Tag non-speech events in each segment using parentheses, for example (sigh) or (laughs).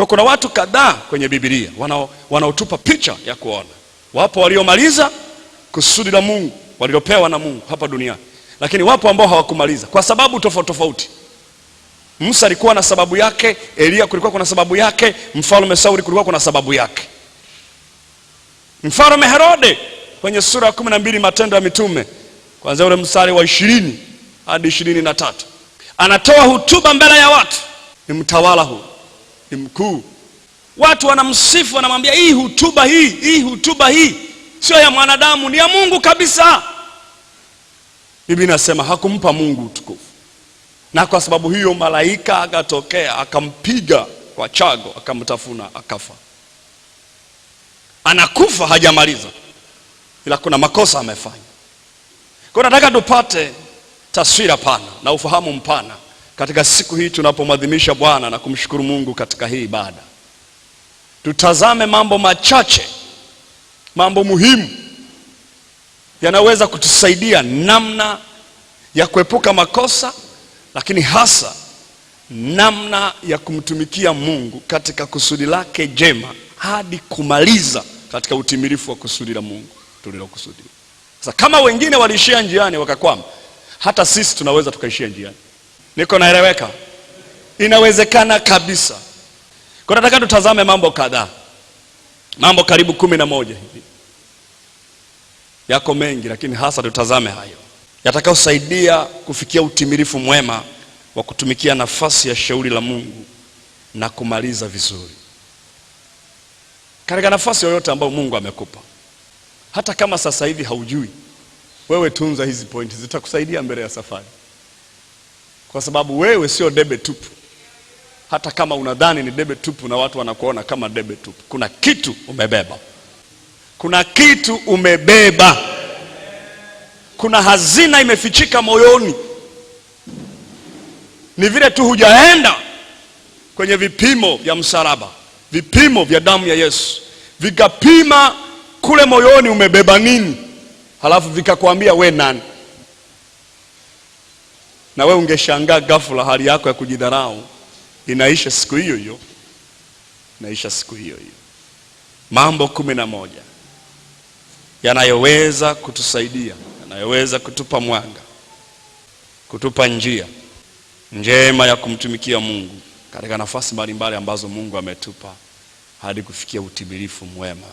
Kwa kuna watu kadhaa kwenye Biblia wanaotupa picha ya kuona. Wapo waliomaliza kusudi la Mungu walilopewa na Mungu hapa duniani, lakini wapo ambao hawakumaliza kwa sababu tofauti tofauti. Musa alikuwa na sababu yake, Elia kulikuwa kuna sababu yake, mfalme Sauli kulikuwa kuna sababu yake, mfalme Herode kwenye sura ya kumi na mbili Matendo ya Mitume kwanzia ule mstari wa ishirini hadi ishirini na tatu anatoa hutuba mbele ya watu, ni mtawala huu ni mkuu. Watu wanamsifu wanamwambia, hii hutuba hii hii hutuba hii sio ya mwanadamu, ni ya Mungu kabisa. Mimi nasema hakumpa Mungu utukufu, na kwa sababu hiyo malaika akatokea akampiga kwa chago, akamtafuna akafa. Anakufa hajamaliza, ila kuna makosa amefanya. Kwa nataka tupate taswira pana na ufahamu mpana katika siku hii tunapomwadhimisha Bwana na kumshukuru Mungu katika hii ibada, tutazame mambo machache, mambo muhimu yanaweza kutusaidia namna ya kuepuka makosa, lakini hasa namna ya kumtumikia Mungu katika kusudi lake jema hadi kumaliza katika utimilifu wa kusudi la Mungu tulilokusudia. Sasa kama wengine waliishia njiani wakakwama, hata sisi tunaweza tukaishia njiani. Niko naeleweka? Inawezekana kabisa. Kwa nataka tutazame mambo kadhaa, mambo karibu kumi na moja hivi, yako mengi, lakini hasa tutazame hayo yatakayosaidia kufikia utimilifu mwema wa kutumikia nafasi ya shauri la Mungu na kumaliza vizuri katika nafasi yoyote ambayo Mungu amekupa, hata kama sasa hivi haujui wewe. Tunza hizi pointi, zitakusaidia mbele ya safari kwa sababu wewe sio debe tupu, hata kama unadhani ni debe tupu na watu wanakuona kama debe tupu. Kuna kitu umebeba, kuna kitu umebeba, kuna hazina imefichika moyoni. Ni vile tu hujaenda kwenye vipimo vya msalaba, vipimo vya damu ya Yesu vikapima kule moyoni umebeba nini, halafu vikakwambia we nani na wewe ungeshangaa ghafla hali yako ya kujidharau inaisha siku hiyo hiyo, inaisha siku hiyo hiyo. Mambo kumi na moja yanayoweza kutusaidia, yanayoweza kutupa mwanga, kutupa njia njema ya kumtumikia Mungu katika nafasi mbalimbali ambazo Mungu ametupa hadi kufikia utimilifu mwema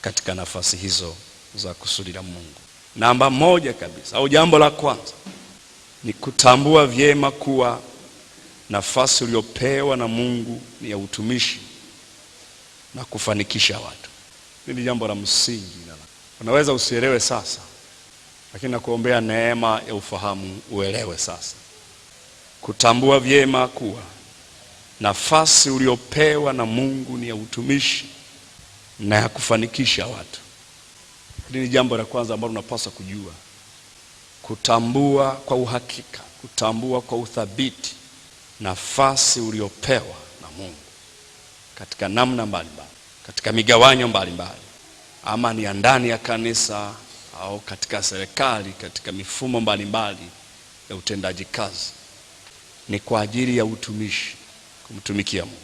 katika nafasi hizo za kusudi la Mungu. Namba moja kabisa au jambo la kwanza ni kutambua vyema kuwa nafasi uliopewa na Mungu ni ya utumishi na kufanikisha watu. Hili ni jambo la msingi, unaweza usielewe sasa, lakini nakuombea neema ya ufahamu uelewe sasa. Kutambua vyema kuwa nafasi uliopewa na Mungu ni ya utumishi na ya kufanikisha watu. Hili ni jambo la kwanza ambalo unapaswa kujua kutambua kwa uhakika, kutambua kwa uthabiti nafasi uliopewa na Mungu katika namna mbalimbali mbali, katika migawanyo mbalimbali mbali, ama ni ya ndani ya kanisa au katika serikali, katika mifumo mbalimbali mbali ya utendaji kazi, ni kwa ajili ya utumishi, kumtumikia Mungu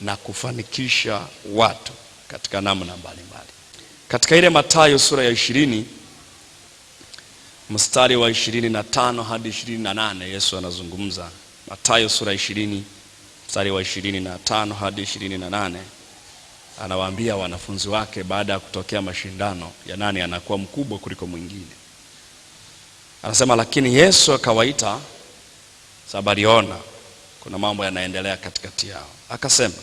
na kufanikisha watu katika namna mbalimbali mbali. Katika ile Mathayo sura ya ishirini mstari wa 25 hadi 28, Yesu anazungumza. Mathayo sura 20 mstari wa 25 hadi 28, anawaambia wanafunzi wake baada ya kutokea mashindano ya nani anakuwa mkubwa kuliko mwingine. Anasema, lakini Yesu akawaita Sabariona, kuna mambo yanaendelea katikati yao, akasema,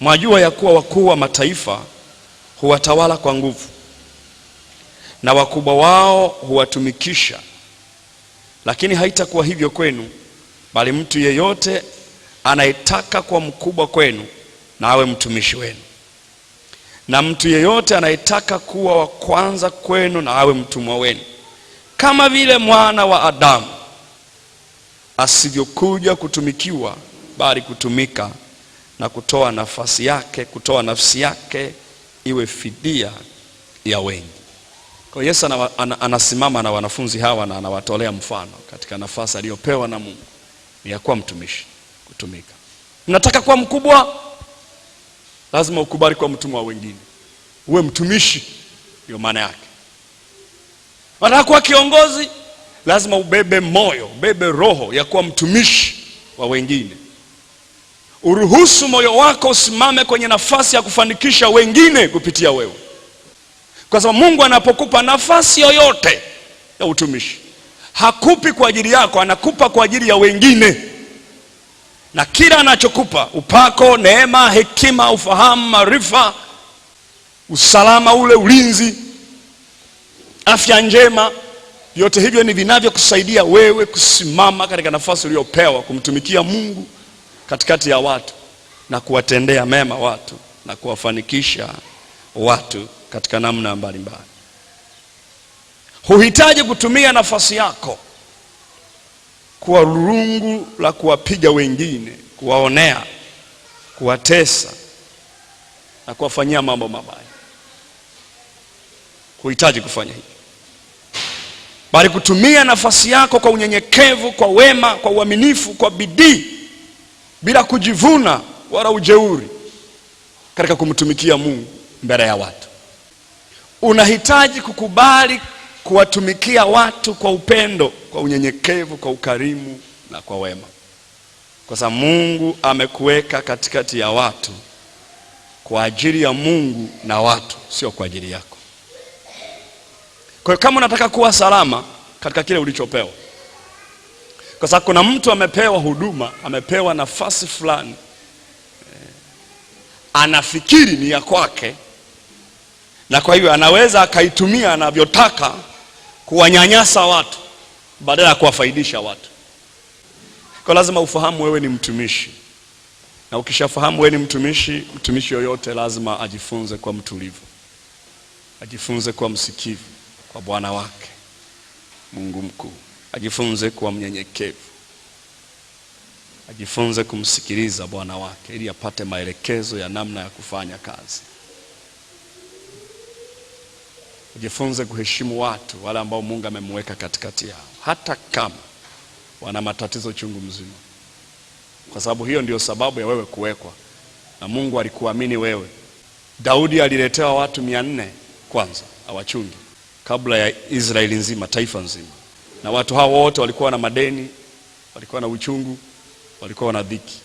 mwajua ya kuwa wakuu wa mataifa huwatawala kwa nguvu na wakubwa wao huwatumikisha. Lakini haitakuwa hivyo kwenu, bali mtu yeyote anayetaka kuwa mkubwa kwenu na awe mtumishi wenu, na mtu yeyote anayetaka kuwa wa kwanza kwenu na awe mtumwa wenu, kama vile mwana wa Adamu asivyokuja kutumikiwa, bali kutumika na kutoa nafasi yake, kutoa nafsi yake iwe fidia ya wengi. Kwa Yesu anasimama na wanafunzi hawa na anawatolea mfano katika nafasi aliyopewa na Mungu ni ya kuwa mtumishi, kutumika. Mnataka kuwa mkubwa, lazima ukubali kuwa mtumwa wa wengine, uwe mtumishi, ndio maana yake. Unataka kuwa kiongozi, lazima ubebe moyo, ubebe roho ya kuwa mtumishi wa wengine. Uruhusu moyo wako usimame kwenye nafasi ya kufanikisha wengine kupitia wewe. Kwa sababu Mungu anapokupa nafasi yoyote ya utumishi hakupi kwa ajili yako, anakupa kwa ajili ya wengine, na kila anachokupa upako, neema, hekima, ufahamu, maarifa, usalama ule, ulinzi, afya njema, vyote hivyo ni vinavyokusaidia wewe kusimama katika nafasi uliyopewa kumtumikia Mungu katikati ya watu na kuwatendea mema watu na kuwafanikisha watu katika namna mbalimbali. Huhitaji kutumia nafasi yako kuwa rungu la kuwapiga wengine, kuwaonea, kuwatesa na kuwafanyia mambo mabaya. Huhitaji kufanya hivyo, bali kutumia nafasi yako kwa unyenyekevu, kwa wema, kwa uaminifu, kwa bidii, bila kujivuna wala ujeuri, katika kumtumikia Mungu mbele ya watu unahitaji kukubali kuwatumikia watu kwa upendo, kwa unyenyekevu, kwa ukarimu na kwa wema, kwa sababu Mungu amekuweka katikati ya watu kwa ajili ya Mungu na watu, sio kwa ajili yako. Kwa hiyo kama unataka kuwa salama katika kile ulichopewa, kwa sababu kuna mtu amepewa huduma, amepewa nafasi fulani, eh, anafikiri ni ya kwake na kwa hivyo anaweza akaitumia anavyotaka kuwanyanyasa watu badala ya kuwafaidisha watu. Kwa lazima ufahamu wewe ni mtumishi, na ukishafahamu wewe ni mtumishi, mtumishi yoyote lazima ajifunze kuwa mtulivu, ajifunze kuwa msikivu kwa bwana wake Mungu mkuu, ajifunze kuwa mnyenyekevu, ajifunze kumsikiliza bwana wake ili apate maelekezo ya namna ya kufanya kazi. Ujifunze kuheshimu watu wale ambao Mungu amemweka katikati yao, hata kama wana matatizo chungu mzima, kwa sababu hiyo ndiyo sababu ya wewe kuwekwa na Mungu. Alikuamini wewe. Daudi aliletewa watu mia nne kwanza awachungi kabla ya Israeli nzima, taifa nzima, na watu hao wote walikuwa na madeni, walikuwa na uchungu, walikuwa na dhiki.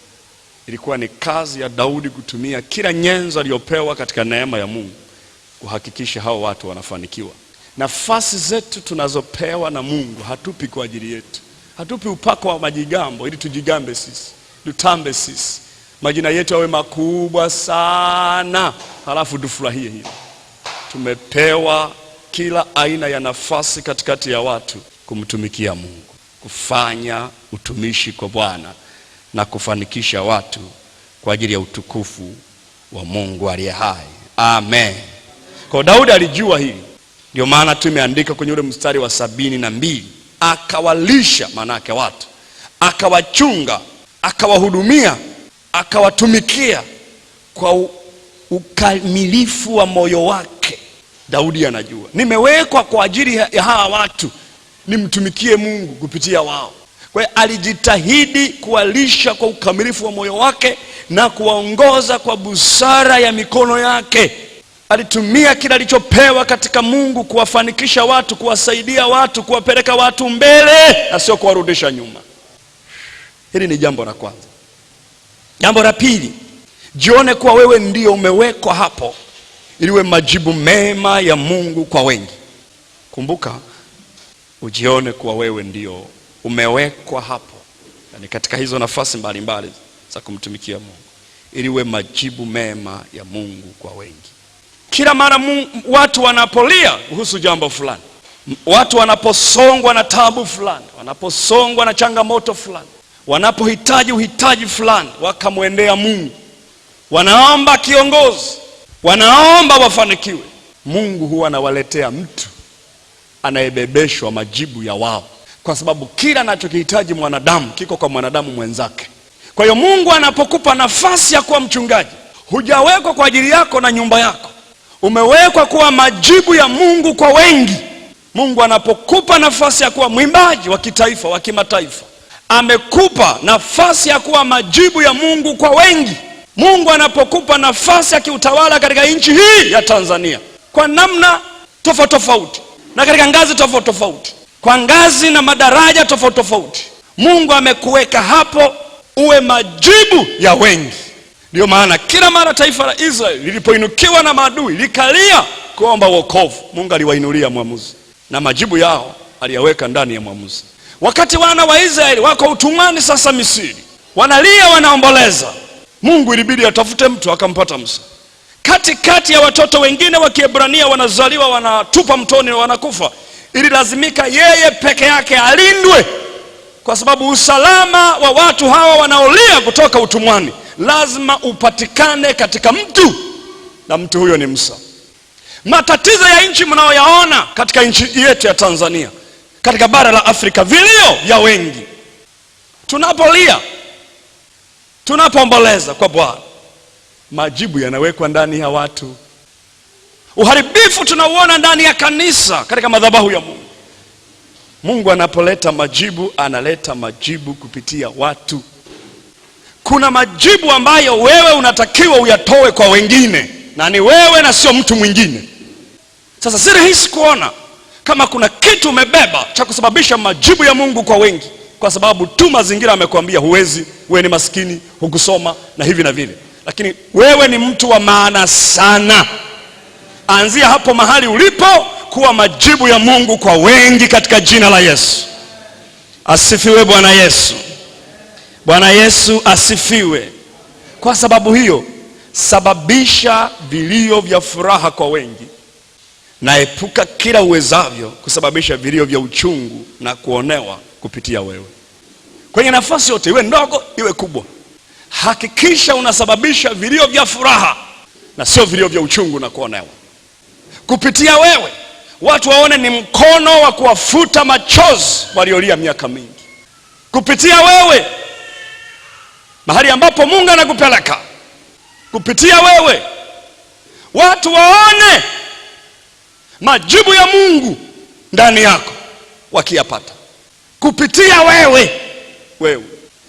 Ilikuwa ni kazi ya Daudi kutumia kila nyenzo aliyopewa katika neema ya Mungu kuhakikisha hao watu wanafanikiwa. Nafasi zetu tunazopewa na Mungu hatupi kwa ajili yetu, hatupi upako wa majigambo ili tujigambe sisi, tutambe sisi, majina yetu yawe makubwa sana, halafu tufurahie hilo. Tumepewa kila aina ya nafasi katikati ya watu kumtumikia Mungu, kufanya utumishi kwa Bwana na kufanikisha watu kwa ajili ya utukufu wa Mungu aliye hai. Amen. Kwa Daudi alijua hili, ndio maana tu imeandika kwenye ule mstari wa sabini na mbili akawalisha, yake watu akawachunga, akawahudumia, akawatumikia kwa ukamilifu wa moyo wake. Daudi anajua nimewekwa kwa ajili ya hawa watu, nimtumikie Mungu kupitia wao. Kwa hiyo alijitahidi kuwalisha kwa ukamilifu wa moyo wake na kuwaongoza kwa busara ya mikono yake alitumia kila alichopewa katika Mungu kuwafanikisha watu, kuwasaidia watu, kuwapeleka watu mbele na sio kuwarudisha nyuma. Hili ni jambo la kwanza. Jambo la pili, jione kuwa wewe ndio umewekwa hapo iliwe majibu mema ya Mungu kwa wengi. Kumbuka, ujione kuwa wewe ndio umewekwa hapo, yani katika hizo nafasi mbalimbali mbali za kumtumikia Mungu iliwe majibu mema ya Mungu kwa wengi. Kila mara watu wanapolia kuhusu jambo fulani, watu wanaposongwa na tabu fulani, wanaposongwa na changamoto fulani, wanapohitaji uhitaji fulani, wakamwendea Mungu, wanaomba kiongozi, wanaomba wafanikiwe, Mungu huwa anawaletea mtu anayebebeshwa majibu ya wao, kwa sababu kila anachokihitaji mwanadamu kiko kwa mwanadamu mwenzake. Kwa hiyo Mungu anapokupa nafasi ya kuwa mchungaji, hujawekwa kwa ajili yako na nyumba yako umewekwa kuwa majibu ya Mungu kwa wengi. Mungu anapokupa nafasi ya kuwa mwimbaji wa kitaifa, wa kimataifa, amekupa nafasi ya kuwa majibu ya Mungu kwa wengi. Mungu anapokupa nafasi ya kiutawala katika nchi hii ya Tanzania kwa namna tofauti tofauti na katika ngazi tofauti tofauti, kwa ngazi na madaraja tofauti tofauti, Mungu amekuweka hapo uwe majibu ya wengi. Ndiyo maana kila mara taifa la Israeli lilipoinukiwa na maadui likalia kuomba wokovu, Mungu aliwainulia mwamuzi, na majibu yao aliyaweka ndani ya mwamuzi. Wakati wana wa Israeli wako utumwani sasa Misri, wanalia wanaomboleza, Mungu ilibidi atafute mtu akampata Musa. Kati kati ya watoto wengine wa Kiebrania wanazaliwa wanatupa mtoni wanakufa, ili lazimika yeye peke yake alindwe, kwa sababu usalama wa watu hawa wanaolia kutoka utumwani lazima upatikane katika mtu na mtu huyo ni Musa. Matatizo ya nchi mnayoyaona katika nchi yetu ya Tanzania, katika bara la Afrika, vilio ya wengi, tunapolia, tunapoomboleza kwa Bwana, majibu yanawekwa ndani ya watu. Uharibifu tunauona ndani ya kanisa, katika madhabahu ya Mungu. Mungu anapoleta majibu, analeta majibu kupitia watu kuna majibu ambayo wewe unatakiwa uyatoe kwa wengine, na ni wewe na sio mtu mwingine. Sasa si rahisi kuona kama kuna kitu umebeba cha kusababisha majibu ya Mungu kwa wengi, kwa sababu tu mazingira amekwambia huwezi, wewe ni maskini, hukusoma na hivi na vile. Lakini wewe ni mtu wa maana sana. Anzia hapo mahali ulipo kuwa majibu ya Mungu kwa wengi katika jina la Yesu. Asifiwe Bwana Yesu. Bwana Yesu asifiwe. Kwa sababu hiyo, sababisha vilio vya furaha kwa wengi na epuka kila uwezavyo kusababisha vilio vya uchungu na kuonewa kupitia wewe, kwenye nafasi yote, iwe ndogo iwe kubwa. Hakikisha unasababisha vilio vya furaha na sio vilio vya uchungu na kuonewa kupitia wewe, watu waone ni mkono wa kuwafuta machozi waliolia miaka mingi kupitia wewe mahali ambapo Mungu anakupeleka kupitia wewe, watu waone majibu ya Mungu ndani yako, wakiyapata kupitia wewe. Wewe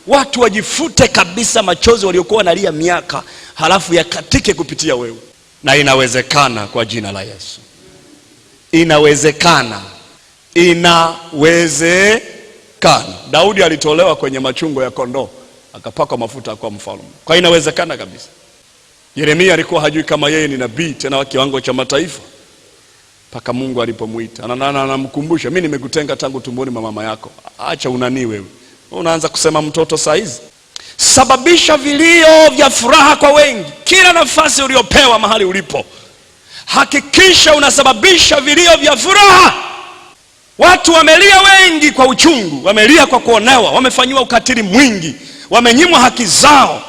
watu wajifute kabisa machozi waliokuwa wanalia miaka, halafu yakatike kupitia wewe, na inawezekana kwa jina la Yesu, inawezekana, inawezekana. Daudi alitolewa kwenye machungo ya kondoo akapakwa mafuta akawa mfalme. Kwa inawezekana kabisa. Yeremia alikuwa hajui kama yeye ni nabii tena wa kiwango cha mataifa, mpaka Mungu alipomwita anamkumbusha, mimi nimekutenga tangu tumboni mwa mama yako, acha unani wewe, unaanza kusema mtoto saa hizi. Sababisha vilio vya furaha kwa wengi, kila nafasi uliopewa mahali ulipo, hakikisha unasababisha vilio vya furaha. Watu wamelia wengi kwa uchungu, wamelia kwa kuonewa, wamefanyiwa ukatili mwingi wamenyimwa haki zao,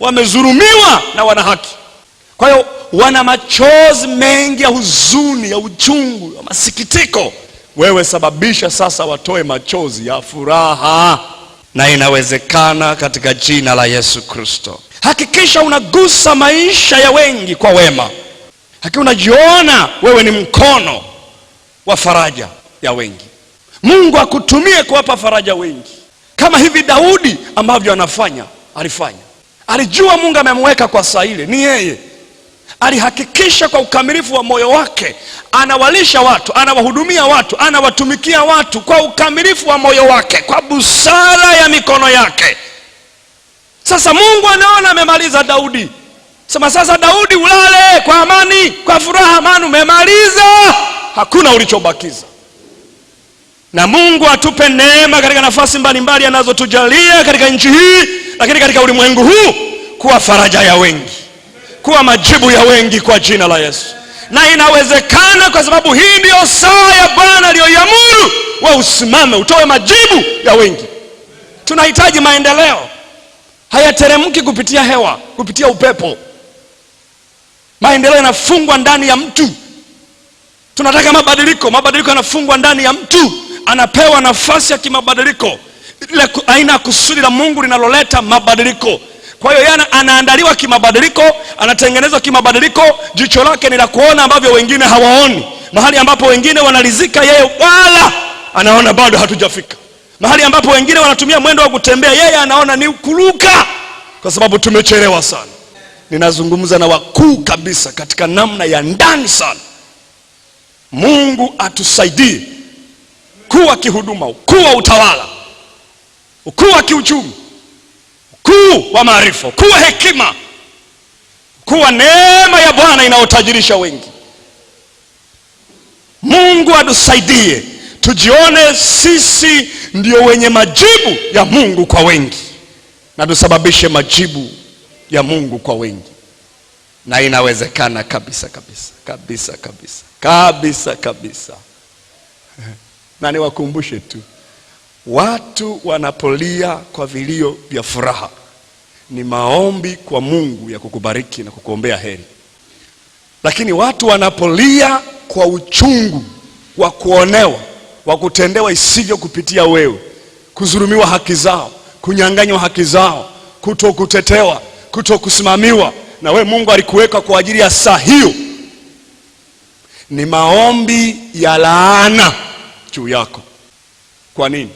wamezurumiwa na wana haki. Kwa hiyo wana machozi mengi ya huzuni, ya uchungu, ya masikitiko. Wewe sababisha sasa watoe machozi ya furaha, na inawezekana katika jina la Yesu Kristo. Hakikisha unagusa maisha ya wengi kwa wema. Hakika unajiona wewe ni mkono wa faraja ya wengi. Mungu akutumie kuwapa faraja wengi kama hivi Daudi ambavyo anafanya alifanya. Alijua Mungu amemweka kwa saa ile, ni yeye alihakikisha kwa ukamilifu wa moyo wake, anawalisha watu, anawahudumia watu, anawatumikia watu kwa ukamilifu wa moyo wake, kwa busara ya mikono yake. Sasa Mungu anaona amemaliza Daudi, sema sasa Daudi ulale kwa amani, kwa furaha, maana umemaliza, hakuna ulichobakiza na Mungu atupe neema katika nafasi mbalimbali anazotujalia katika nchi hii, lakini katika ulimwengu huu, kuwa faraja ya wengi, kuwa majibu ya wengi kwa jina la Yesu. Na inawezekana kwa sababu hii ndiyo saa ya Bwana aliyoiamuru, wa usimame utoe majibu ya wengi. Tunahitaji maendeleo, hayateremki kupitia hewa, kupitia upepo. Maendeleo yanafungwa ndani ya mtu. Tunataka mabadiliko, mabadiliko yanafungwa ndani ya mtu anapewa nafasi ya kimabadiliko, aina ya kusudi la Mungu linaloleta mabadiliko. Kwa hiyo yana anaandaliwa kimabadiliko, anatengenezwa kimabadiliko. Jicho lake ni la kuona ambavyo wengine hawaoni. Mahali ambapo wengine wanalizika, yeye wala anaona bado hatujafika. Mahali ambapo wengine wanatumia mwendo wa kutembea, yeye anaona ni kuruka, kwa sababu tumechelewa sana. Ninazungumza na wakuu kabisa katika namna ya ndani sana. Mungu atusaidie ukuu wa kihuduma, ukuu wa utawala, ukuu wa kiuchumi, ukuu wa maarifa, ukuu wa hekima, ukuu wa neema ya Bwana inayotajirisha wengi. Mungu atusaidie tujione sisi ndio wenye majibu ya Mungu kwa wengi, na tusababishe majibu ya Mungu kwa wengi, na inawezekana kabisa kabisa kabisa kabisa kabisa kabisa. (laughs) Na niwakumbushe tu, watu wanapolia kwa vilio vya furaha, ni maombi kwa Mungu ya kukubariki na kukuombea heri. Lakini watu wanapolia kwa uchungu wa kuonewa, wa kutendewa isivyo kupitia wewe, kuzurumiwa haki zao, kunyang'anywa haki zao, kutokutetewa, kutokusimamiwa na we Mungu alikuweka kwa ajili ya saa hiyo, ni maombi ya laana juu yako. Kwa nini?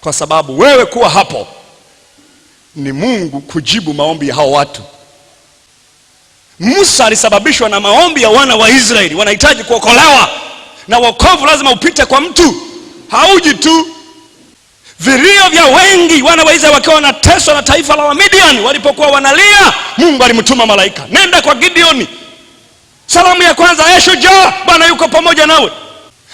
Kwa sababu wewe kuwa hapo ni Mungu kujibu maombi ya hao watu. Musa alisababishwa na maombi ya wana wa Israeli, wanahitaji kuokolewa, na wokovu lazima upite kwa mtu, hauji tu. Vilio vya wengi wana wa Israeli wakiwa wanateswa na taifa la Wamidiani, walipokuwa wanalia, Mungu alimtuma malaika, nenda kwa Gideoni. Salamu ya kwanza, ee shujaa, Bwana yuko pamoja nawe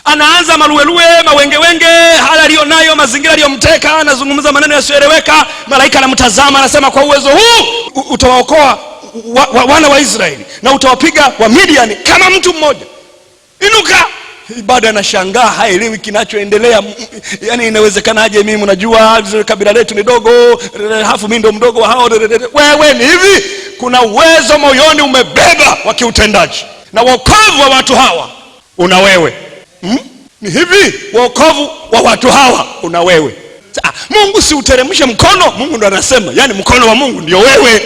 anaanza maluelue mawengewenge, hali aliyonayo, mazingira aliyomteka, anazungumza maneno yasiyoeleweka. Malaika anamtazama anasema, kwa uwezo huu utawaokoa wa, wa, wana wa Israeli na utawapiga wa Midian kama mtu mmoja. Inuka! Bado anashangaa haelewi kinachoendelea. Yani, inawezekanaje? Mimi mnajua kabila letu ni dogo, halafu mimi ndo mdogo wa hao. Wewe ni hivi, kuna uwezo moyoni umebeba wa kiutendaji, na wokovu wa watu hawa una wewe hmm? Ni hivi wokovu wa watu hawa una wewe. Mungu si uteremshe mkono, Mungu ndo anasema, yaani mkono wa Mungu ndio wewe.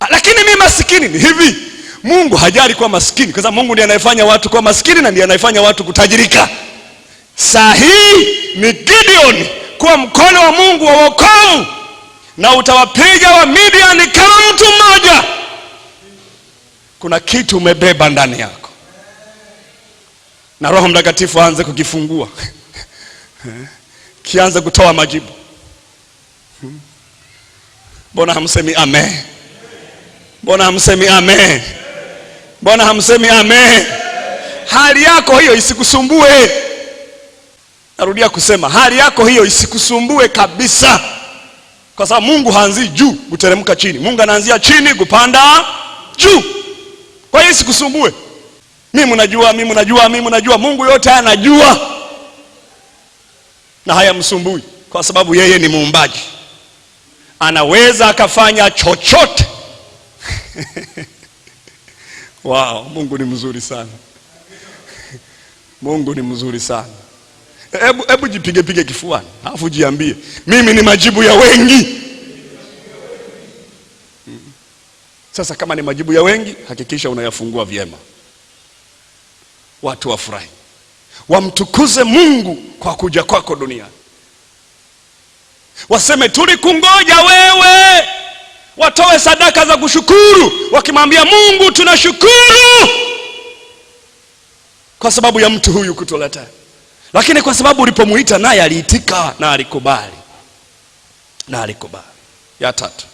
Ah, lakini mi masikini, ni hivi Mungu hajali kuwa masikini, kwa sababu Mungu ndiye anayefanya watu kuwa masikini na ndiye anayefanya watu kutajirika. sahii ni Gideon kuwa mkono wa Mungu wa wokovu, na utawapiga wa Midiani kama mtu mmoja. Kuna kitu umebeba ndani yako na Roho Mtakatifu aanze kukifungua kianze kutoa majibu. Mbona hamsemi amen? Mbona hamsemi amen? Mbona hamsemi amen? Hali yako hiyo isikusumbue. Narudia kusema hali yako hiyo isikusumbue kabisa, kwa sababu Mungu haanzii juu kuteremka chini. Mungu anaanzia chini kupanda juu. Kwa hiyo isikusumbue mimi najua, mimi najua, mimi najua. Mungu yote anajua na haya msumbui kwa sababu yeye ni muumbaji, anaweza akafanya chochote (laughs) Wow, Mungu ni mzuri sana Mungu ni mzuri sana. Hebu hebu jipige pige kifuani, alafu jiambie mimi ni majibu ya wengi. Hmm. Sasa kama ni majibu ya wengi, hakikisha unayafungua vyema watu wafurahi, wamtukuze Mungu kwa kuja kwako duniani, waseme tulikungoja wewe, watoe sadaka za kushukuru, wakimwambia Mungu tunashukuru kwa sababu ya mtu huyu kutuletea, lakini kwa sababu ulipomuita naye aliitika na alikubali, na alikubali. Ya tatu